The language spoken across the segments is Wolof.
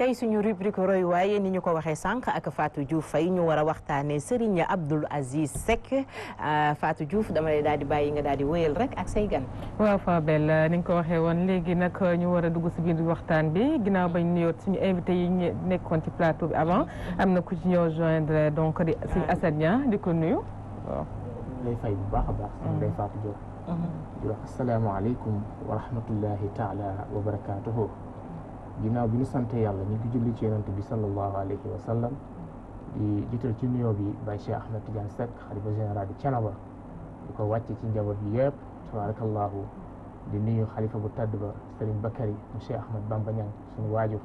tey suñu rubrique royuwaay ni ñu ko waxee sànq ak Fatou Diouf Faye ñu war a waxtaanee Serigne Abdoul Aziz Seck euh, Fatou Diouf damay lay daal di bàyyi nga daal di wéyal rek ak say gan. waaw Fabel euh, ni nga ko waxee woon léegi nag euh, ñu war a dugg si biir waxtaan bi ginnaaw bañ nuyoot suñu invité yi ñu nekkoon ci plateau bi avant am na ku ci ñëw joindre donc di suñu ah. Assane Niang di ko nuyu waaw. lay fay bu baax a baax. lay mm. Fatou Diouf. Mm-hmm. di wax asalaamaaleykum wa rahmatullahi taala wa barakaatuhu. ginnaaw bi ñu sante yàlla ñu ngi julli ci yonent bi sallallahu alayhi wa sallam di jiital ci nuyoo bi Baye sheikh Ahmed Tidiane Seck xalifa général di Thiénaba di ko wàcce ci njaboot bi yëpp tabarakallahu di nuyu xalifa bu tàdd ba Serigne Bakary mu Cheikh Ahmed Bamba Niang suñu waajur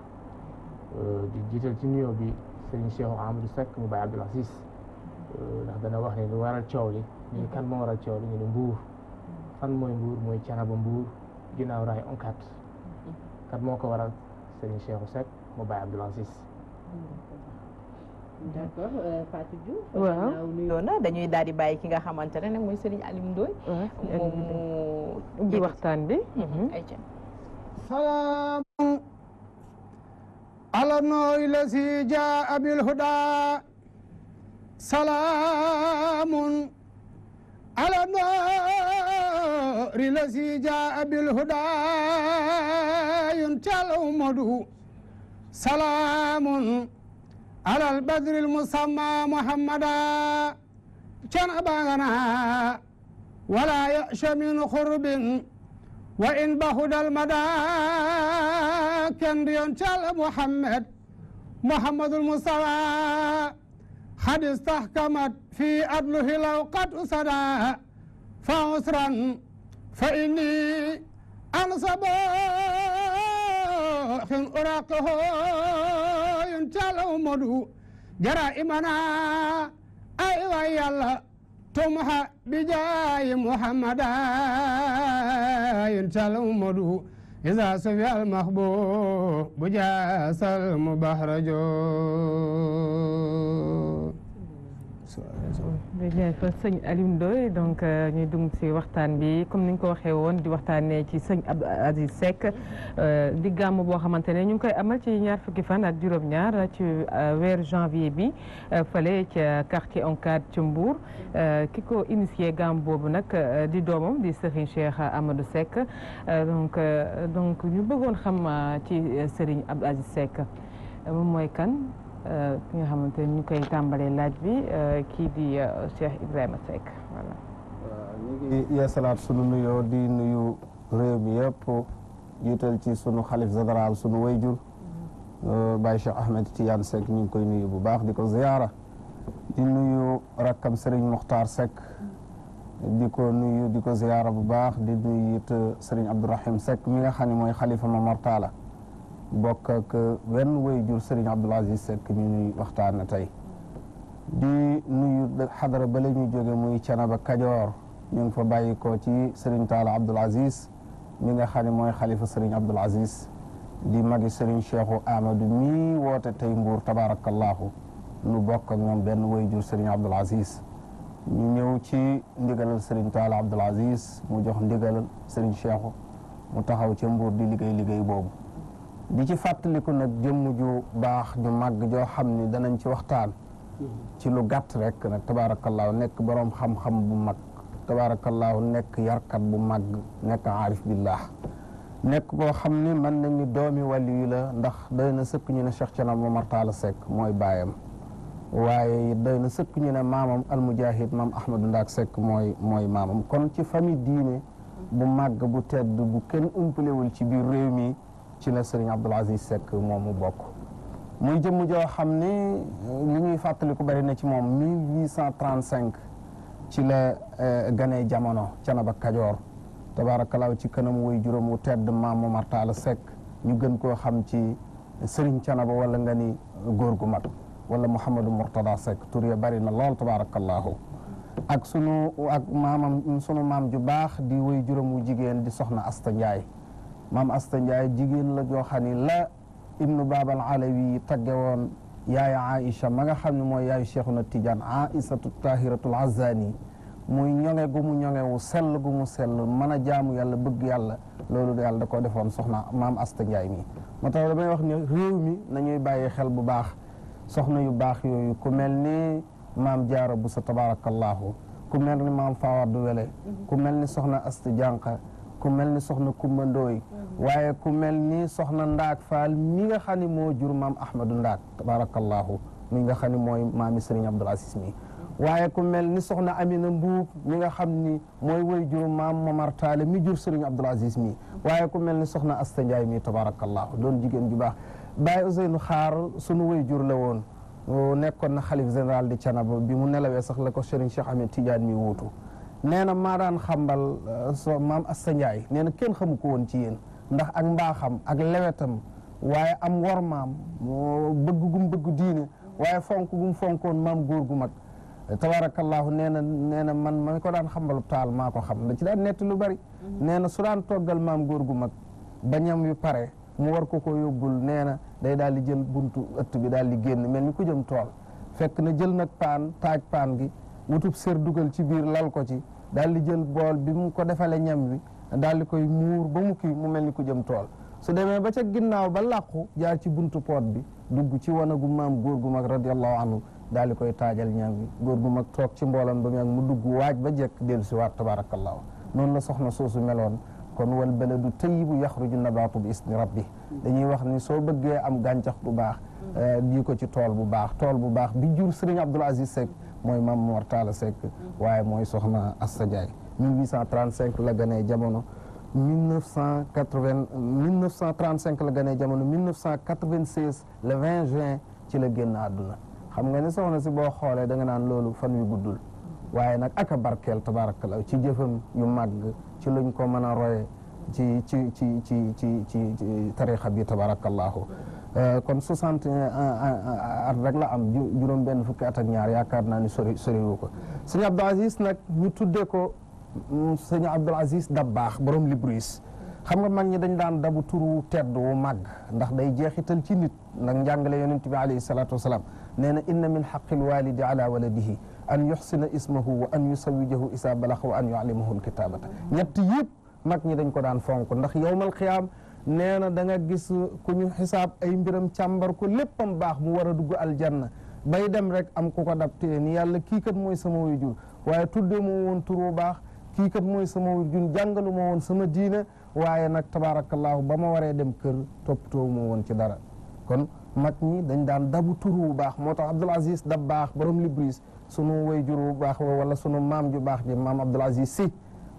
euh, di jiital ci nuyoo bi Serigne Cheikh Amadou Seck mu Baye Abdoul Aziz euh, ndax dana wax ne waral coow li ñu kan moo waral coow li ñu ne fan mooy mbuur mooy Thiénaba mbuur ginnaaw raay waral Serigne Cheikhou Seck mu Baye Abdoul Aziz d'accord euh, Fatou Diouf. waaw nuyoo na dañuy daal di bàyyi ki nga xamante ne nag mooy Serigne Alioune Ndoye. waaw mu ubbi waxtaan bi. Mhm. Mhm. ayca. salaamu ala nooy la si jaa abil huda salaamun ala nooy النور الذي جاء بالهدى ينتهى الأمد سلام على البدر المسمى محمدا كان أبانا ولا يأش من خرب وإن بهد المدى كان ينتهى محمد محمد المصطفى قد استحكمت في أدله لو قد أسدا فعسرا فإني أنصب في أراقه ينتال أمدو جرائمنا أيوة يلا تمحى بجاي محمد ينتال أمدو إذا سفي المخبوب بجاس المبهرجو muy bien fa sëñ Aliou donc euh, ñuy dung si waxtaan bi comme ni ñu ko waxee woon di waxtaanee ci sëñ Abdou Aziz Seck euh, di gàmm boo xamante ne ñu ngi koy amal ci ñaar fukki fan ak juróom-ñaar ci euh, weeru janvier bi fale ca quartier Oncad ci Mbour ki ko initié gàmm boobu nag di doomam di Serigne Cheikh Amadou Seck donc donc ñu bëggoon xam ci Serigne Abdou Aziz Seck kan. ki nga xamante ne ñu koy tàmbalee laaj bi euh, kii di euh, Cheikh Ibrahima Seck voilà. ñu ngi yeesalaat sunu nuyoo di nuyu réew mi yëpp jiital ci sunu xalif général sunu wayjur mm-hmm. euh, Baye Cheikh Ahmed Tidiane Seck ñu ngi koy nuyu bu baax di ko ziyaara di nuyu rakkam Serigne Mokhtar Seck mm-hmm. di ko nuyu di ko ziyaara bu baax di nuyu it Serigne Abdourahim Seck mi nga xam ne mooy xalifa Momar Talla bokk ak euh, wenn way jur Serigne Abdoul Aziz Seck mi ñuy waxtaan tey di nuyu xadara ba la ñu jóge muy Canaba Kajoor ñu ngi fa bàyyi ko ci Serigne Talla Abdoul Aziz mi nga xam ne mooy xalifa Serigne Abdoul Aziz di magi Serigne Cheikhu Amadou mii woote tey Mbuur tabaarakallaahu nu bokk ak ñoom benn way jur Serigne Abdoul Aziz ñu ñëw ci ndigalal Serigne Talla Abdoul Aziz mu jox ndigalal Serigne Cheikhu mu taxaw ca Mbuur di liggéey liggéey boobu di ci fàttaliku nag jëmm ju baax ju màgg joo xam ni danañ ci waxtaan ci lu gàtt rek nag tabaarakallaahu nekk boroom xam-xam bu mag tabaarakallaahu nekk yarkat bu màgg nekk aarif billah nekk koo xam ni mën nañu doomi waliyu la ndax doy na sëkk ñu ne Cheikh Thiénaba Momar Talla Seck mooy baayam waaye doy na sëkk ñu ne maamam almujahid maam Ahmadou Ndaak Seck mooy mooy maamam kon ci famille diine bu màgg bu tedd bu kenn umpalewul ci biir réew mi ci la sëriñ Abdoul Aziz Seck moomu bokk muy jëmm joo xam ni li ñuy fàttaliku bari na ci moom 1835 ci la euh, gane jamono Canaba Kajoor tabaarakalaaw ci kanam woy juróom wu tedd maamu Martaala Seck ñu gën koo xam ci sëriñ Canaba wala nga ni góor gu mat wala Mouhamadou Mourtada Seck tur ya bari na lool tabaarakalaahu ak sunu ak maamam sunu maam ju baax di woy juróom wu jigéen di soxna Asta Ndiaye maam Asta Ndiaye jigéen la joo xam ne la ibnu baabal alawi tagge woon yaaya Aïcha ma nga xam ne mooy yaayu Cheikhuna Tidiane Aïsatu Tahiratul Azani muy ñoŋe gu mu ñoŋe wu sell gu mu sell mën a jaamu yàlla bëgg yàlla loolu yàlla da koo defoon soxna maam Asta Ndiaye mi moo tax damay wax ne réew mi nañuy bàyyi xel bu baax soxna yu baax yooyu ku mel ni maam jaara bu sa tabarakallahu ku mel ni maam Fawadu Wele ku mel ni soxna Asta Jànqa ku mel ni soxna Kumba Ndooy waaye ku mel ni soxna Ndaak Faal mi nga xam ni moo jur maam Ahmadou Ndaak tabaarakallaahu mi nga xam ni mooy maami Sëriñ Abdul Aziz mi waaye ku mel ni soxna Amina Mbuub mi nga xam ni mooy woy jur maam Momar Taale mi jur Sëriñ Abdul Aziz mi waaye ku mel ni soxna Asta Njaay mi tabaarakallaahu doon jigéen ju baax Baay Ousseynou Xaar sunu woy jur la woon nekkoon na xalif général di Canaba bi mu nelawee sax la ko Sëriñ Cheikh Ahmed Tidiane mi wuutu nee na maa daan xambal euh, sa maam Asta Ndiaye nee na kenn xamu ko woon ci yéen ndax ak mbaaxam ak lewetam waaye am war maam bëgg gum bëgg diine waaye fonk gum fonkoon maam góor gu mag tabaarakallaahu nee na nee na man ma ko daan xambalu taal maa ko xam da ci daan nett lu bari mm-hmm. nee na su daan toggal maam góor gu mag ba ñam yu pare mu war ko ko yóbbul nee na day daal di jël buntu ëtt bi daal di génn mel ni ku jëm tool fekk na jël nag paan taaj paan gi wutub sér dugal ci biir lal ko ci daal di jël bool bi mu ko defalee ñam wi daal di koy muur ba mu kii mu mel ni ko jëm tool su demee ba ca ginnaaw ba làqu jaar ci buntu poot bi dugg ci wanagu maam góor gu mag radiallahu anhu daal di koy taajal ñam wi góor gu mag toog ci mboolam bu mu mu dugg waaj ba jekk dellu si waat tabarakallahu noonu la soxna soosu meloon kon wal baladu tayyibu yaxruju nabaatu bi isni rabbi dañuy wax ni soo bëggee am gàncax bu baax mm. eh, di ko ci tool bu baax tool bu baax bi jur Sëriñ Abdul Aziz Seck mooy maam Mor Talla Seck waaye mooy soxna Assa Ndiaye 1835 la ganee jamono 1980 1935 la ganee jamono 1996 le 20 juin ci la génn àdduna xam nga ne soxna si boo xoolee danga naan loolu fan yu guddul waaye nag ak a barkeel tabaarakalaw ci jëfam yu màgg ci luñ ko mën a roye ci ci ci ci ci ci tarixa bi tabaarakallaahu Euh, kon 61 euh, euh, at rek la am juróom benn fukki at ak ñaar yaakaar naa ni sori soriwu ko sëñ Abdou Aziz nag ñu tuddee ko mm, sëñ Abdou Aziz Dabaax borom Libris xam nga mag ñi dañ daan dabu turu tedd wu màgg ndax day jeexital ci nit nag njàngale yonent bi alayhi salaatu wasalaam nee na inna min xaqil walidi ala waladihi an yuxsina ismahu wa an yusawijahu isa balax wa an yuallimahu alkitabata ñett yëpp mag ñi dañ ko daan fonk ndax yowmal qiyaam nee na da gis ku ñu xisaab ay mbiram càmbar ko léppam baax mu war a dugg aljanna bay dem rek am ku ko dabtee ni yàlla kii kat mooy sama jur waaye tudde moo woon turu baax kii kat mooy sama waajur jàngalu ma woon sama diina waaye nag tabaarakallaahu ba ma waree dem kër toppatoo moo woon ci dara kon mag ñi dañ daan tur wu baax moo tax Abdul Aziz dab baax borom Libris sunu jur bu baax wala sunu maam ju baax ji maam Abdul Aziz si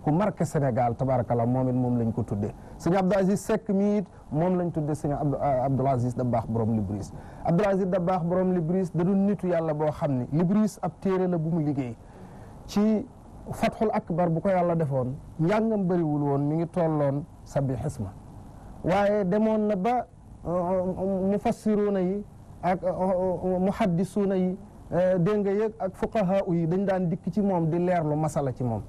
ku marqué Sénégal tabaarakallaahu moom it moom lañ ko tuddee sëñ Abdou Aziz Seck mi it moom lañ tudde sëñ Abdou euh, Aziz Dabakh borom Libris Abdou Aziz Dabakh borom Libris da doon nitu yàlla boo xam ne Libris ab téere la bu mu liggéey ci fatxul akbar bu ko yàlla defoon njàngam bëriwul woon mi ngi tolloon sabi xisma waaye demoon na ba euh, mufassiruuna yi ak euh, muhaddisuuna yi dégg nga yëg ak fuqahaa yi dañ daan dikk ci moom di leerlu masala ci moom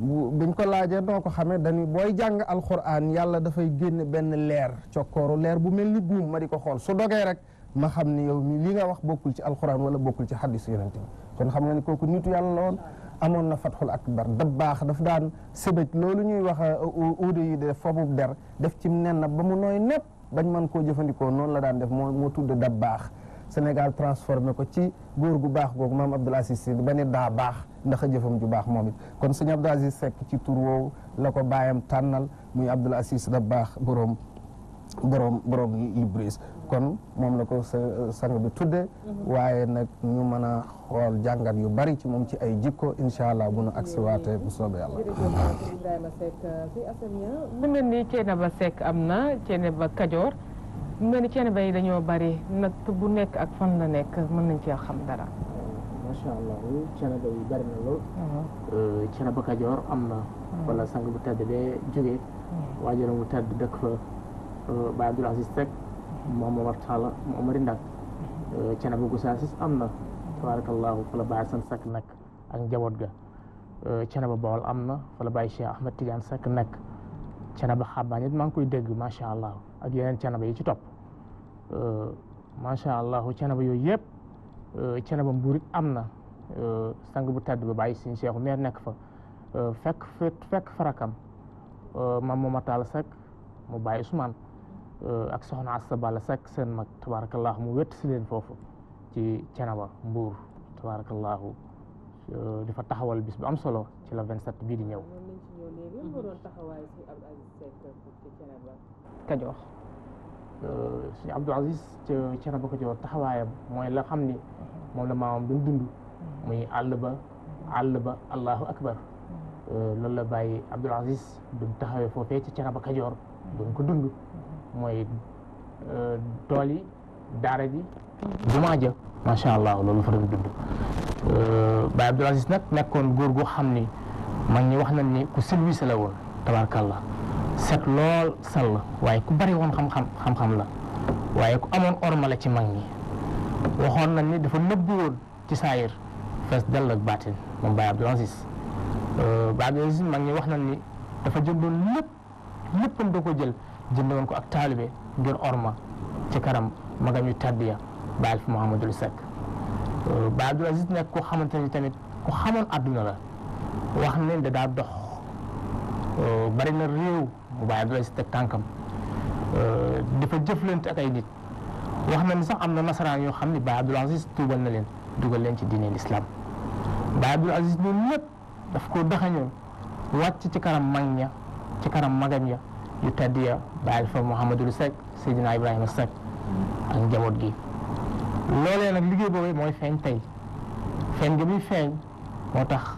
biñ ko laajee noo ko xamee dañu booy jàng alxuraan yàlla dafay génn benn leer cokkooru leer bu mel ni buum ma di ko xool su dogee rek ma xam ni yow mi li nga wax bokkul ci alxuraan wala bokkul ci xaddis yonente bi kon xam nga ne kooku nitu yàlla la woon amoon na fatxul akbar da baax dafa daan sëbëj loolu ñuy wax euh, euh, uude yi def fobu der def ci nen na ba mu nooy nepp bañ mën koo jëfandikoo noonu la daan def moo moo tudd da baax Sénégal transformé ko ci góor gu baax googu maam Abdoul si Sy ba ne daa baax ndax a jëfam ju baax moom kon sëñ Abdoul Aziz Seck ci tur la ko baayam tànnal muy Abdoul Aziz da baax boroom boroom boroom Libris kon moom la ko sang bi tudde mhm. waaye nag ñu mën a xool jàngat yu bari ci moom ci ay jikko incha allah bu nu agsiwaatee bu soobee yàlla. jërëjëf Ibrahima Seck fii euh, Assane mën na am na Thiénaba Kajoor. mel ni ceen bay dañoo bari nag bu nekk ak fan la nekk mën nañ cee xam dara. macha allah ceen bari na lool. Euh, ceen Kajoor am na. Hmm. wala sang bu tedd bee jógee. Hmm. waajuram bu tedd dëkk fa euh, Baye Abdoul Aziz Seck hmm. moom Momar Talla mu Omari Ndak. Euh, ceen ba Gossas am na. tabaarakallaahu fa la Baye Assane Seck nekk ak njaboot ga. cene ba Bawol am na fa la Baye Cheikh Ahmed Tidiane Seck nekk cene ba xaabaan maa ngi koy dégg macha allah ak yeneen cene ba yi ci topp. macha allah canaba yooyu yëpp canaba mbuurit am na sang bu tedd ba bàyyi suñu seexu meer nekk fa fekk fekk farakam mam mooma taal sek mu bàyyi Usmaan ak soxna Assa Balla Seck seen mag tabarakallahu mu wett si leen foofu ci canaba mbuur tabarakallahu di fa taxawal bis bu am solo ci la 27 bii di ñëw. Kajoor suñu Abdou Aziz ca ca Nabou Kadior taxawaayam mooy la xam ni moom la maamam doon dund muy àll ba àll ba allahu akbar loolu la bàyyi Abdou Aziz doon taxawee foofee ca ca Nabou Kadior doon ko dund mooy tool yi daara ji jumaa ja macha allah loolu fa doon dund Baye Abdou Aziz nag nekkoon góor goo xam ni mag ñi wax nañ ni ku service la woon tabaarkàllah set lool sall waaye ku bari woon xam-xam xam la waaye ku amoon orma la ci mag ñi waxoon nañ ni dafa nëbbu woon ci saayir fees dell ak baatin moom Baye Abdoul Aziz euh, Baye Abdoul Aziz wax nañ ni dafa jëndoon lépp léppam da ko jël jëndoon ko ak taalibe ngir orma ci karam magam yu tàddiya Baye Alfa Mouhamadul Seck euh, Baye Abdoul Aziz nekk ku xamante ni tamit ku xamoon adduna la wax nañ da daa dox euh, bari na réew waaye du la si teg tànkam euh, dafa jëflante ak ay nit wax na ni sax am na nasaraan yoo xam ne Baye Abdoul Aziz tuubal na leen dugal leen ci diine l'islam Baye Abdoul Aziz ñun lépp daf ko daxañoon wàcc ci kanam mag ña ci kanam magam ya yu tedd ya bàyyil fa Mouhamadul Seck Seydina Ibrahima Seck ak njaboot gi loolee nag liggéey boobu mooy feeñ tey feeñ ga muy feeñ moo tax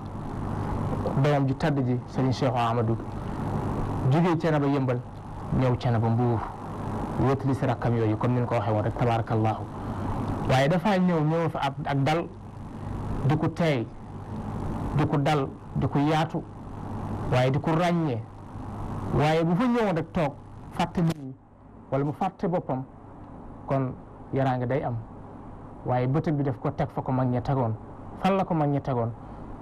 doom ju tedd ji Serigne Cheikh Amadou jugee Thiénaba yëmbal ñëw Thiénaba mbuur wéetali si rakkam yooyu comme ni ñu ko waxee woon rek tabaarakallaahu waaye dafa ñëw ñëw fa ak dal di ko teey di ko dal di ko yaatu waaye di ko ràññee waaye bu fa ñëwoon rek toog fàtte nit wala mu fàtte boppam kon yaraange day am waaye bëtëb bi daf ko teg fa ko mag ña tegoon fan la ko mag ña tegoon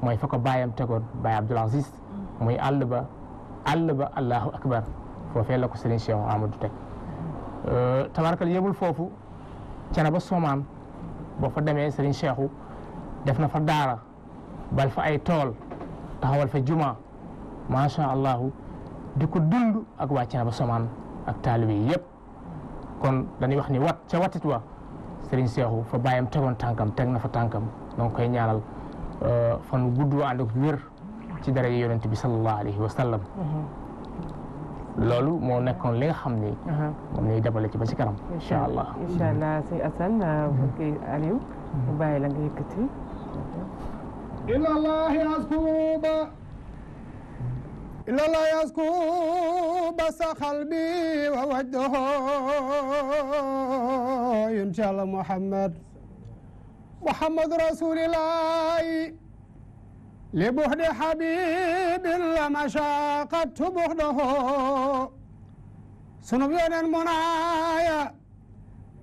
mooy foko ko baayam tegoon baay Abdul Aziz mm. muy àll àll ba allahu akbar foofee la ko sëriñ Cheikh Amadou teg euh, tabarkal yëbul foofu cana ba soomaan boo fa demee sëriñ Cheikhu def na fa daara bal fa ay tool taxawal fa juma macha allahu di ko dund ak waa cana ba soomaan ak taalibe yi yëpp kon dañuy wax ni wat ca watit wa sëriñ Cheikhu fa bàyyam tegoon tànkam teg na fa tànkam donc koy ñaanal euh, fan gudd waa ànd ak wér ci dara yonent bi sallallahu alayhi wa sallam mm-hmm. loolu moo nekkoon li nga xam ni mm-hmm. moom lay dabale ci ba ci kanam incha allah incha allah mm-hmm. sëñ Assane ah, ki Aliou mu bàyyi la nga yëkkati ilallahi askuba ilallahi askuba sa xalbi wa wajdoho incha allah muhammad muhammad rasulillahi لبعد حبيب لمشى قد بعده سنب يونان منايا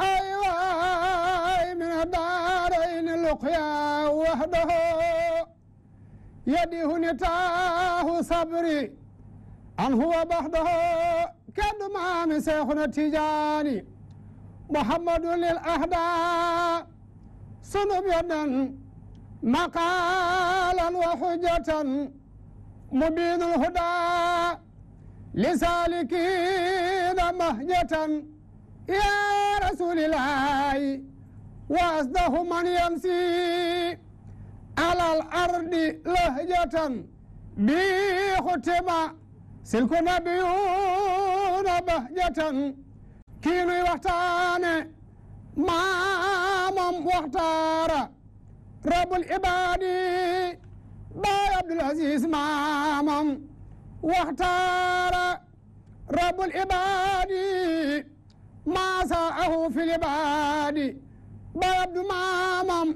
أيواي من الدارين لقيا وحده يده نتاه صبري أن هو بحده كدما من شيخنا التجاني محمد للأهداء سنب يونان مقالا وحجة مبين الهدى لسالكين مهجة يا رسول الله وأصده من يمسي على الأرض لهجة بختم سلك نبيون بهجة كينو waxtaane maamam waxtaara rabbul ibaadi baay abdul aziz maamam waxtaara rabbul ibaadi maasa ahu fil ibaadi baay abdu maamam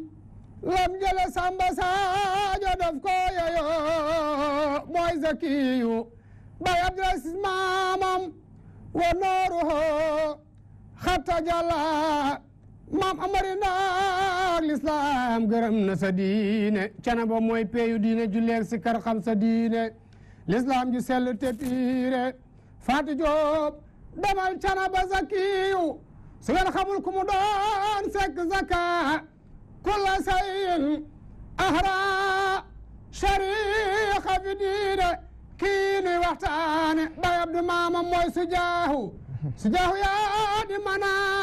lam jële samba saajo daf ko yeyo mooy zakiyu baay abdul aziz maamam wa nooruhu xatta jalla maam amari ndaag lislaam gërëm na sa diine canaba mooy peeyu diine julleeg si kar xam sa diine lislaam ju sell te tiire Fatou Diop demal canaba zakiyu su ngeen xamul ku mu doon sekk zaka kulla sayin ahra shariqa fi diine kii nuy waxtaane bay abdu maama mooy sujaahu sujaahu yaa di manaa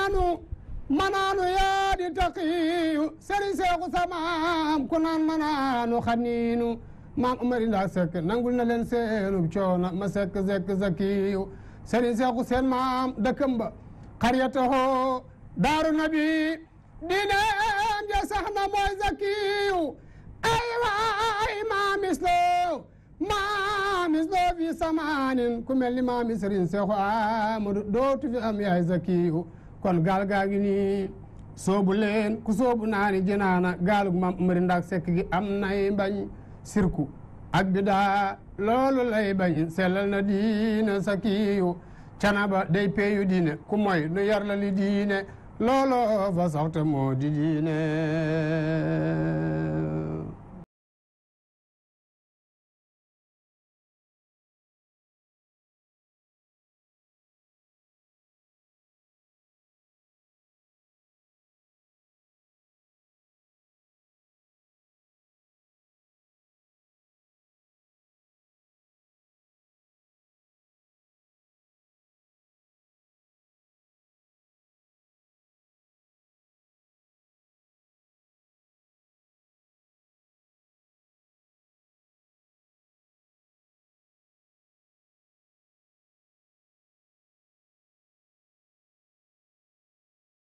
manaanu yaa di taqiyu sëriñ seexu samaam ku naan manaanu xaniinu maam umar indaa sekk nangul na leen seenub coona ma sekk sekk zakiyu sëriñ seexu seen maam dëkkam ba xaryataxoo daaru nabi diineem ja sax na mooy zakiyu ay waay maamis loo maamis loo fi samaanin ku mel ni maamis sëriñ seexu dootu fi am yaay zakiyu kon gaal gaa ngi nii soobu leen ku soobu naani jinaana gaalug mam mari ndaak sekk gi am nay bañ sirku ak bidaa loolu lay bañ sellal na diina sa kiiyu canaba day peeyu diine ku moy nu yar la li diine looloo fa saxte moo di